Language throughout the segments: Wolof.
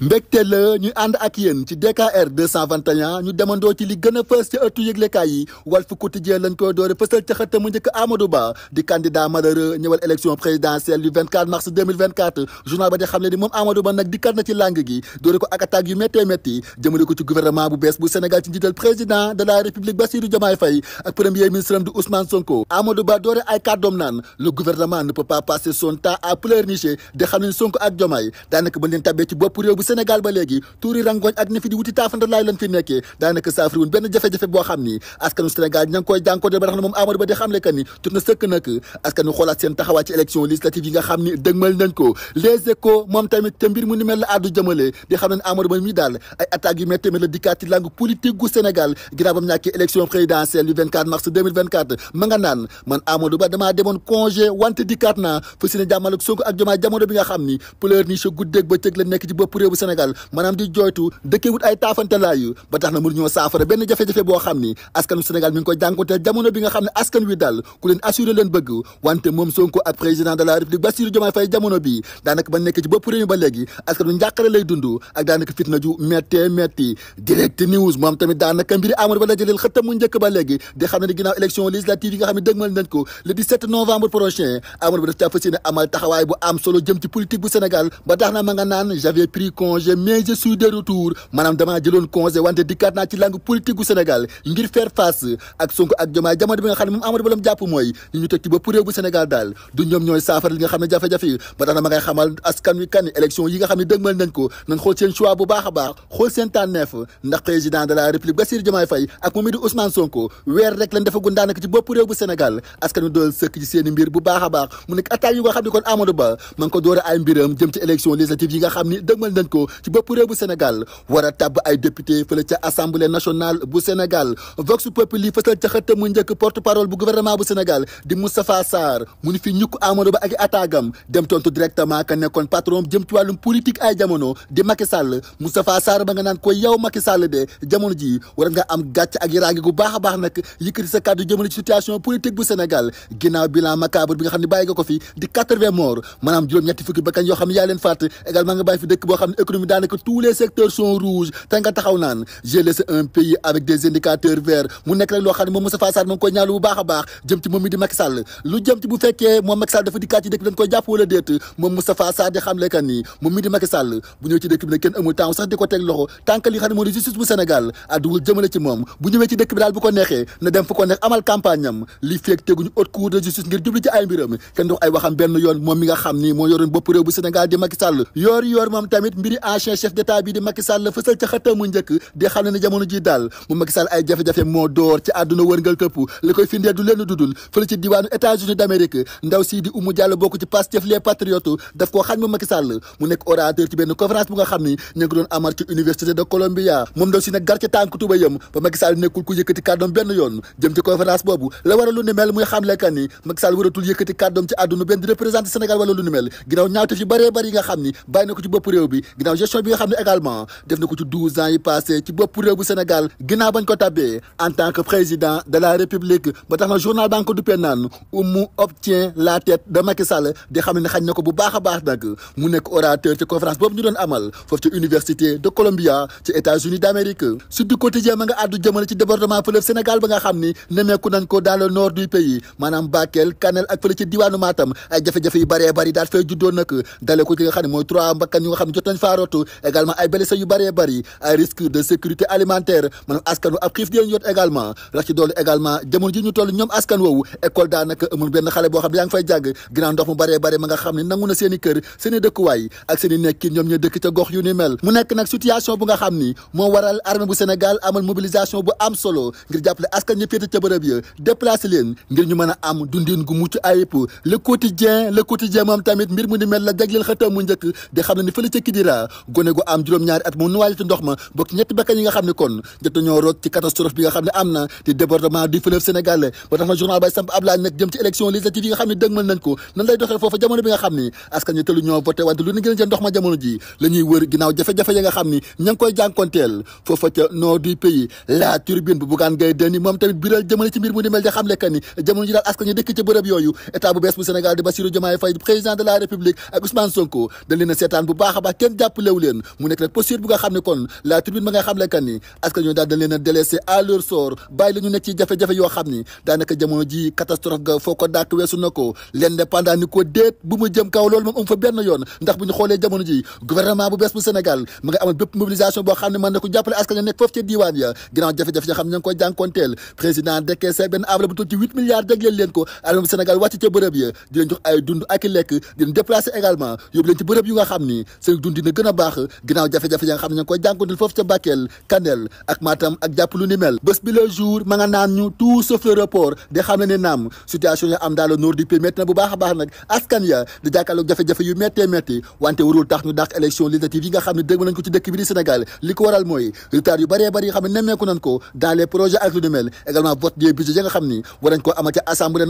mbégte la ñu ànd ak yéen ci DKR 221 ñu demandoo ci li gën a fës ci ëttu yëglekaay yi Walf Quotidien lañ koy doore fësal ca xëtt mu njëkk Amadou Ba di candidat malheureux ñëwal élection présidentielle du mars journal ba di xam ne moom Amadou Ba nag dikkat na ci langue gi doore ko ak attaque yu méttee métti jëmale ko ci gouvernement bu bees bu Sénégal ci njiital président de la République Bassirou Diomaye Faye ak premier ministre am di son Sénégal ba léegi tuuri rangoñ ak ne fi di wuti taafanda laay lan fi nekkee daanaka saafari wun benn jafe-jafe boo xam ni askanu Sénégal ña ngi koy jànkoonte ba tax na moom Amadou Ba di xamle que ni jot na sëkk nak askanu xoolaat seen taxawaay ci élection législative yi nga xam ni dëgmal nañ ko les échos moom tamit te mbir mu ni mel la addu jëmale di xam ne Amadou Ba mi Amadou Ba damaa demoon congé wante dikkaat naa fu si ne jàmmal ak ak Diomaye bi nga bu Sénégal maanaam di jooytu dëkkee wut ay taafante laayu ba na mënu ñoo saafara benn jafe-jafe boo xam ni askanu Sénégal mi ngi koy jànkonteel jamono bi nga xam ne askan wi daal ku leen assuré leen bëgg wante moom Sonko ak président de la République Bassirou Diomaye Faye jamono bi daanaka ba nekk ci bopp ba léegi askanu njàqare lay dund ak daanaka fitna ju mettee metti direct news moom tamit daanaka mbiri Amadou Ba la jëleel xëttam mu njëkk ba léegi di xam ne ginnaaw am solo jëm ci politique bu Sénégal ba tax congé mais je suis de retour maanaam damaa jëloon congé wante dikkaat naa ci langue politique gu Sénégal ngir faire face ak Sonko ak Diomaye jamono bi nga xam ne jàpp mooy nga xam ne jafe ba tax na ma ngay nga xam ne dëgmal nañ ko nañ xool seen choix bu baax a baax xool seen tànneef ndax président de la République Bassirou Diomaye Faye ak moom it di Sonko weer rek lañ defagun daanaka ci bopp réew bu Sénégal askan wi doon mbir bu baax a baax mu nekk attaque yu nga xam ne kon Amadou ko ci bopp réew bu Sénégal war a tàbb ay député fële ca assemblée nationale bu Sénégal Vox Populi fësal ca xëtt mu njëkk porte parole bu gouvernement bu Sénégal di Moustapha Sarr mu fi ñukk Amadou Ba ak attaagam dem tontu directement ka nekkoon patron jëm ci wàllum politique ay jamono di Macky Sall Moustapha Sarr ko yow Macky de jamono ji war nga am gàcc ak yiraange gu baax a baax nag yëkkati sa kàddu jëmale situation politique bu Sénégal ginnaaw bilan macabre l'économie daanaka tous les secteurs sont rouges te nga taxaw naan j'ai laissé un pays avec des indicateurs verts mu nekk rek loo xam ne moom Moustapha Sarr moom koy ñaanlu bu baax jëm ci moom mi di Macky Sall lu jëm ci bu fekkee moom Macky Sall dafa dikkaat ci dëkk bi dañ koy jàpp wala déet moom Moustapha Sarr di xamle kan ni moom mi di Macky Sall bu ñëwee ci dëkk bi daal bu ko neexee na dem fu ko neex amal campagne li feeg teguñu haute cour de justice ngir bi ancien chef d'état bi di Macky Sall la fësal ca xëtta mu njëkk di xam ne ne jamono ji daal mu Macky ay jafe-jafe moo door ci àdduna wërngal këpp li koy firndeel du leen dudul fële ci diwaanu États-Unis d'Amérique ndaw sii di Oumou Diallo bokk ci Pastef les patriotes daf koo xañ mu mu nekk orateur ci benn conférence bu nga xam ni ñu doon amal ci université de Columbia moom ndaw si nag gar ca tànk tuba yam ba Macky nekkul ku yëkkati kàddoom benn yoon jëm ci conférence boobu la war a ni mel muy ginnaaw gestion bi nga xam ne également def na ko ci ans yi passé ci bopp réew bu Sénégal ginnaaw bañ ko tabbee en tant que président de la République ba tax na journal banque du Pénan Oumou obtient la tête de Macky Sall xam ne xañ na ko bu baax a baax nag mu nekk orateur ci conférence boobu ñu doon amal foofu ci université de Columbia ci États-Unis d'Amérique Sud du Quotidien ma nga àddu jëmale ci département fleuve Sénégal ba nga xam ni nemmeeku nañ ko faarootu également ay blessés yu bëree bëri ay risque de sécurité alimentaire maanaam askanu ab xiif di leen yot également rax ci doolu également jamono ji ñu toll ñoom askan woowu école daanaka amul benn xale boo xam yaa ngi fay jàng ginnaaw ndox mu bëree bëri ma nga xam ne nangu na seen kër seen i dëkkuwaay ak seen nekkin ñoom ñooy dëkk ca gox yu ni mel mu nekk nag situation bu nga xam ni moo waral armée bu Sénégal amal mobilisation bu am solo ngir jàppale askan ñi féete ca bërëb ya déplacé leen ngir ñu mën a am mu ni Kolda gone gu am juróom-ñaari at mu nuwaale ci ndox ma bokk ñetti bakkan yi nga xam ne kon jot nañoo root ci catastrophe bi nga xam ne am na di débordement du fleuve Sénégal ba tax a ma jamono ji la wër ginnaaw jafe-jafe yi nga xam ni ña ngi koy jànkonteel foofa ca nord du pays la turbine bu bugaan gay dén moom tamit biral jëmale ci mbir mu ni mel xam lekka ni jamono ji daal askan ñi dëkk ci bërëb yooyu état bu bees bu Sénégal de la République jàppalewu leen mu nekk nag posture bu benn yoon bu ñu ci huit milliards jagleel leen ko alal moom Sénégal wàcc ca bërëb ya dund ak lekk di leen déplacé également yóbbu leen ci bërëb yu nga xam ni seen dund dina gën a baax ginnaaw jafe-jafe ya nga xam ne ñu ngi koy jànkuwanteel foofu ca Bakel Kanel ak Matam ak jàpp lu ni mel bi le jour ma ñu tout sauf le report de xam ne naam situation ya am daal le nord du pays métti na bu baax a baax nag askan ya di jafe-jafe yu méttee métti wante warul tax ñu dàq élection législative yi nga xam ne dëgg nañ nañ ko dans les projets ak également vote des budgets ya nga xam ni war ko amal ca assemblée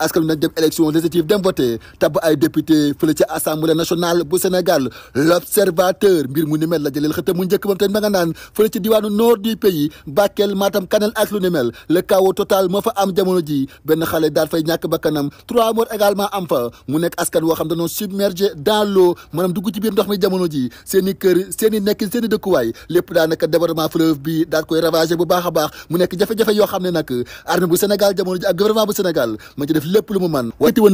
a am positif dem voté tabb ay député fële ci assemblée nationale bu Sénégal l'observateur mbir mu ni mel la jëleel xëta mu njëkk moom tamit ma nga naan fële ci diwaanu nord du pays Bakel Matam Kanel ak lu ni le chaos total moo fa am jamono ji benn xale daal fay ba bakkanam trois morts également am fa mu nekk askan woo xam dañoo submergé dans l'eau maanaam dugg ci biir ndox mi jamono ji seen i kër seen i nekkin seen i dëkkuwaay lépp daanaka département fleuve bi daal bu baax a mu nekk jafe-jafe yoo xam ne nag armée bu Sénégal jamono ji ak lu mu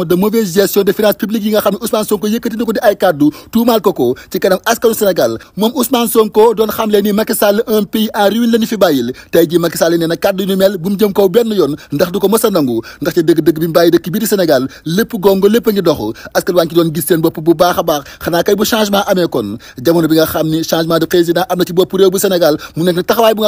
accusation de mauvaise gestion des finances publiques yi nga xam ne Ousmane Sonko yëkkati na ko di ay kàddu tuumaal ko ko ci kanam askanu Sénégal moom Ousmane Sonko doon xam le ni un pays en ruine la fi bàyyil tey ji Macky Sall nee na kàddu mel bu mu jëm kaw benn yoon ndax du ko mës a nangu ndax ci dëgg-dëgg bi mu bàyyi dëkk bii Sénégal lépp gongo lépp a ngi dox askan waa ngi doon gis seen bopp bu baax a baax xanaa kay bu changement amee kon jamono bi na ci bopp réew bu Sénégal mu nekk taxawaay bu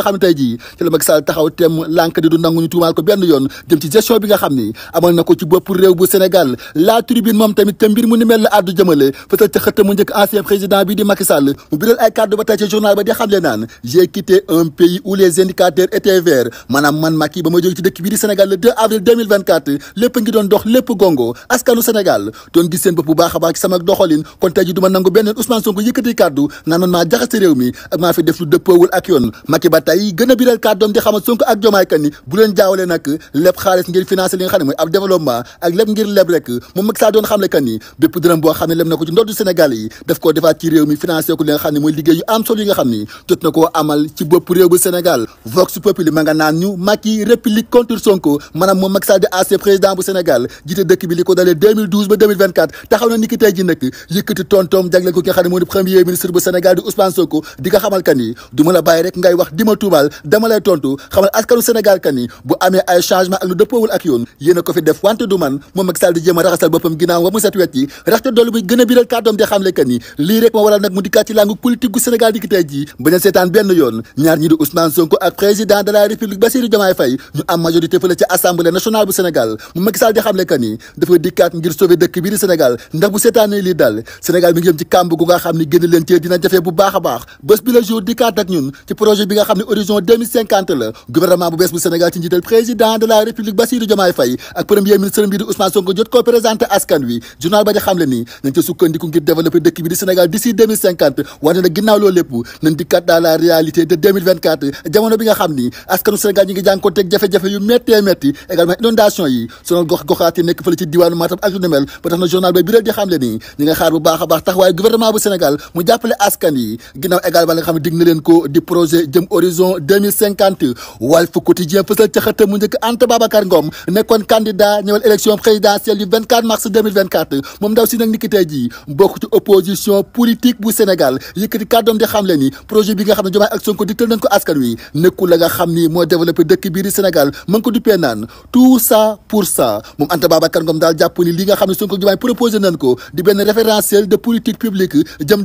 nga mel la moom tamit te mbir mu mel addu jëmale fësal ca xëtt mu njëkk ancien président bi di Macky Sall mu biral ay kàddu ba tey ci journal ba di xamle naan j'ai quitté un pays où les indicateurs étaient verts maanaam man Macky ba ma jóge ci dëkk bii di Sénégal le 2 avril 2024 lépp ngi doon dox lépp gongo askanu Sénégal doon gis seen bopp bu baax a ci sama doxalin kon tey ji du ma nangu benn Ousmane Sonko yëkkati kàddu naan man maa rappelé moom Macky Sall doon xamle kan bépp dërëm boo xam ne lem na ko ci ndoddu Sénégal yi daf koo defaat ci réew mi financé ko li xam ne mooy liggéey yu am solo yi nga xam ni jot na koo amal ci bopp réew bu Sénégal Vox Populi ma nga naan ñu Macky république contre Sonko maanaam moom Macky Sall di ancien président bu Sénégal jiite dëkk bi li ko dalee ba taxaw na ni ki tey ji nag tontoom jagle ko ki xamal kan ni la bàyyi rek ngay wax di ma a daal di jéem raxasal boppam ginnaaw mu set wet yi raxte doolu bi gën a biral kàddoom di xamle que ni lii rek moo waral nag mu dikkaat ci langu politique gu Sénégal di jii bañ seetaan benn yoon ñaar ñi di Sonko ak président de la République Bassirou Diomaye Faye ñu ak ñun ministre bi di Sonko jot présenté askan wi journal ba di xam le nii nañ ca sukkandiku ngir développer dëkk bi di Sénégal d'ici 2050 wante nag ginnaaw loolu lépp nañ dikkaat dans la réalité de 2024 bi nga xam ni askanu Sénégal ñi ngi jànkoonteeg jafe-jafe yu méttee métti également inondation yi sonal gox goxaat yi nekk fële ci diwaanu Matam ak lu ni tax na journal ba biral di xam le nga xaar bu baax a baax taxawaay gouvernement bu Sénégal mu jàppale askan présidentielle yu 24 mars 2024 moom ndaw si nag niki tey jii bokk ci opposition politique bu Sénégal yëkkati kàddoom di xam le projet bi nga xam ni moo développé dëkk biir Sénégal mën ko duppee naan tout ça pour ça moom Anta Babacar Ngom daal jàpp ni li nga xam ne Sonko Diomaye proposé nañ ko di benn référentiel de politique publique jëm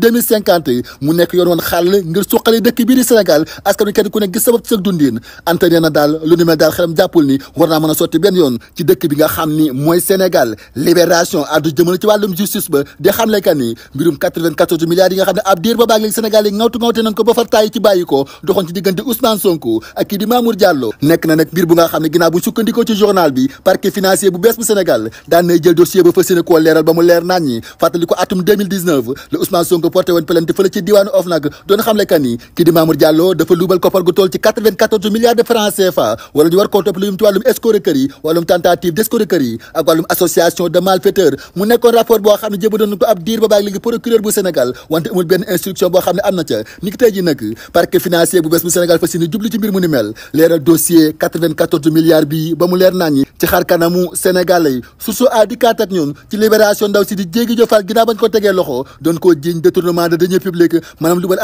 mu nekk yoon woon xàll ngir suqali dëkk biir Sénégal askan wi kenn ku nekk gis sabab ci sa dundin Anta nee daal lu daal xelam Sénégal libération addu jëmale ci wàllum justice ba di xamle kan mbirum 94 yi nga xam ne ab diir ba baag léegi Sénégal ngawtu ngawte nañ ko ba far taay ci bàyyi ko ci diggante Ousmane Sonko ak kii di Mamour nekk na nag mbir bu nga xam ne ginnaaw bu sukkandikoo ci journal bi parquet financier bu bees bu Sénégal daan jël dossier ba fas yéene leeral ba mu leer naan ñi fàttali atum la Ousmane Sonko porté woon plainte fële ci diwaanu ci 94 milliards de francs association mu nekkoon rapport boo xam ne jëbaloon nañ ko ab diir ba baag léegi procureur bu Sénégal wante amul benn instruction boo xam ne am na ca ni ji nag parquet financier bu bees bu Sénégal fas yéene jublu ci mbir mu ni mel leeral dossier milliards bi ba mu leer naññi ci xar kanamu Sénégalais yi sursu a di kaat ci libération ndaw si di jéegi jofaal ginnaaw bañ ko tegee loxo doon koo jiiñ détournement de deniers publics maanaam lu ba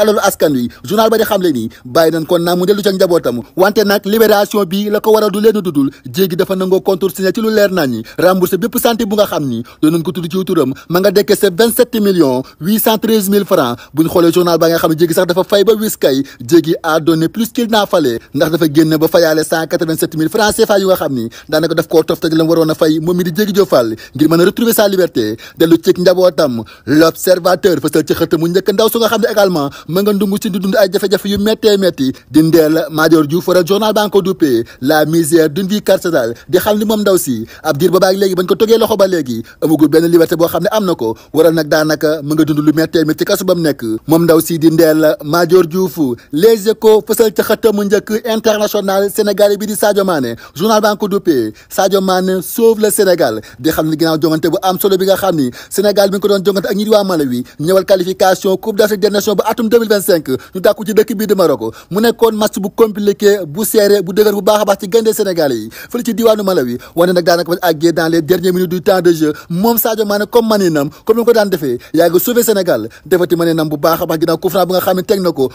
di bépp santé bu nga xam ni doonoon ko tudd ci turam ma nga décaissé vingt sept millions huit cent treize mille francs bu ñu journal ba xam ne Diégui sax dafa fay ba wis kay a donné plus qu'il n'a fallu ndax dafa génn ba fayaale cent quatre vingt sept mille francs CFA yu nga xam ni daanaka daf koo toftal lam waroon fay moom mi di Diégui Diop Fall ngir mën retrouver sa liberté dellu ci njabootam l'observateur fësal ci mu njëkk ndaw jógee loxo ba léegi amagul benn liberté boo xam ne am na ko waral nag daanaka mu nga dund lu ci kasu nekk moom ndaw si di Ndella Madior Diouf Les Échos fësal ca njëkk international sénégalais bi di Sadio Mané journal baa ngi ko duppee Sadio Mané sauve le Sénégal di xam ne ginnaaw jongante bu am solo bi nga xam ni Sénégal bi ko doon jongante ak ñi Malawi ñëwal qualification coupe d'Afrique des nations atum 2025 ñu ci dëkk bii a minutes du temps de jeu moom Sadio Mané comme maninam comme ko daan defee yàgg sauver Sénégal defati maninam bu baax a baax ginnaaw coup franc bi nga xam ne teg na ko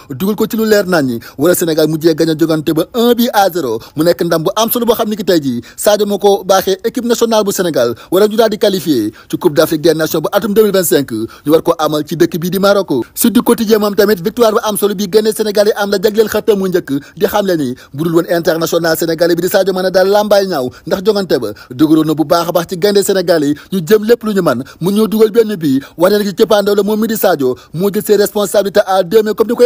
ci lu leer naan wala Sénégal mujjee gañ a jogante ba 1 bi à mu nekk ndam bu am solo boo xam ni ki tey jii moo ko baaxee équipe nationale bu Sénégal wala ñu di qualifié ci Coupe d'Afrique des Nations bu atum 2025 war ko amal ci dëkk bii di Maroc Sud du Quotidien tamit victoire bu am solo a gaynde Sénégal yi ñu jëm lépp lu ñu man mu ñëw dugal benn bii wane na ci cëppaandaw moom mi di Sadio moo jël ses responsabilités à deux mais comme ni ko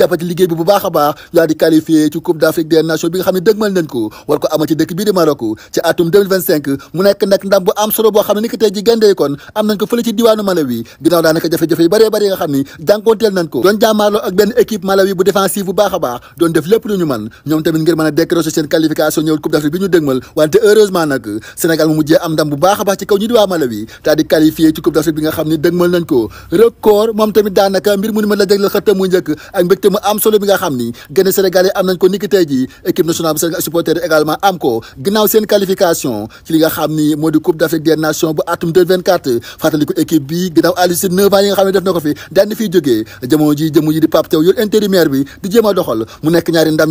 jàppale ci liggéey bi bu baax yaa di qualifié ci Coupe d'Afrique des Nations bi nga xam ne dëgmal nañ ko war ko amal ci dëkk bii di ci atum mu nekk nag ndam bu am solo boo xam ni ki tey ji gaynde kon am nañ ko fële ci diwaanu Malawi ginnaaw daanaka jafe-jafe yu bëree bëri nga xam ni jànkoonteel man ñoom tamit ngir mën a décrocher seen qualification ñëwul coupe d'Afrique bi ñu dégmal wante heureusement nag Sénégal mu mujjee am ndam bu baax baax ci kaw ñi di waa Malawi daal di qualifié ci coupe d'Afrique bi nga xam ne dégmal nañ ko record moom tamit daanaka mbir mu ni mën la jagleel xëttam mu njëkk ak mu am nañ ko niki tey ji équipe nationale bu Sénégal supporter également am ko ginnaaw seen qualification ci li nga xam ni moo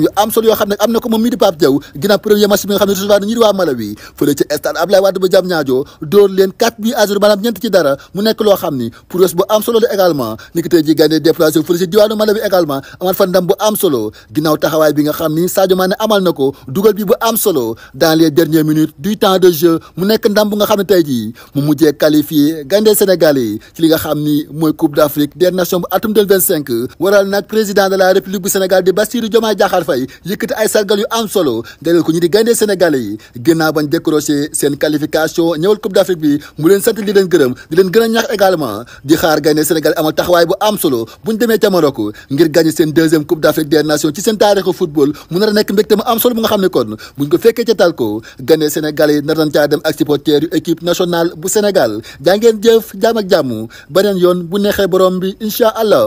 yu am solo yoo xam ne am na ko moom mii di Pape Diaw premier match bi nga xam ne recevoir na ñi di Malawi fële ci stade Abdoulaye Wade ba Diamniadio dóor leen 4 buts à 0 ñeent ci dara mu nekk loo xam ni progrès bu am solo la également ni ki tey ji gànnee déplacé fële ci diwaanu Malawi également amaat fa ndam bu am solo ginnaaw taxawaay bi nga xam ni Sadio Mané amal na ko dugal bi bu am solo dans les dernières minutes du temps de Mbaye yëkkati ay sargal yu am solo jagleel ko ñi di gayndee sénégalais yi ginnaaw bañ décroché seen qualification ñëwal coupe d' afrique bi mu leen sant di leen gërëm di leen gën a ñaax également di xaar gayndee sénégalais amal taxawaay bu am solo buñ demee ca ngir gagné seen deuxième coupe d' afrique des ci seen taarixu football mu nar a nekk mbégte mu am solo bu nga xam ne kon buñ ko fekkee ca tal ko gayndee sénégalais yi nar nañ caa dem ak supporters yu équipe nationale bu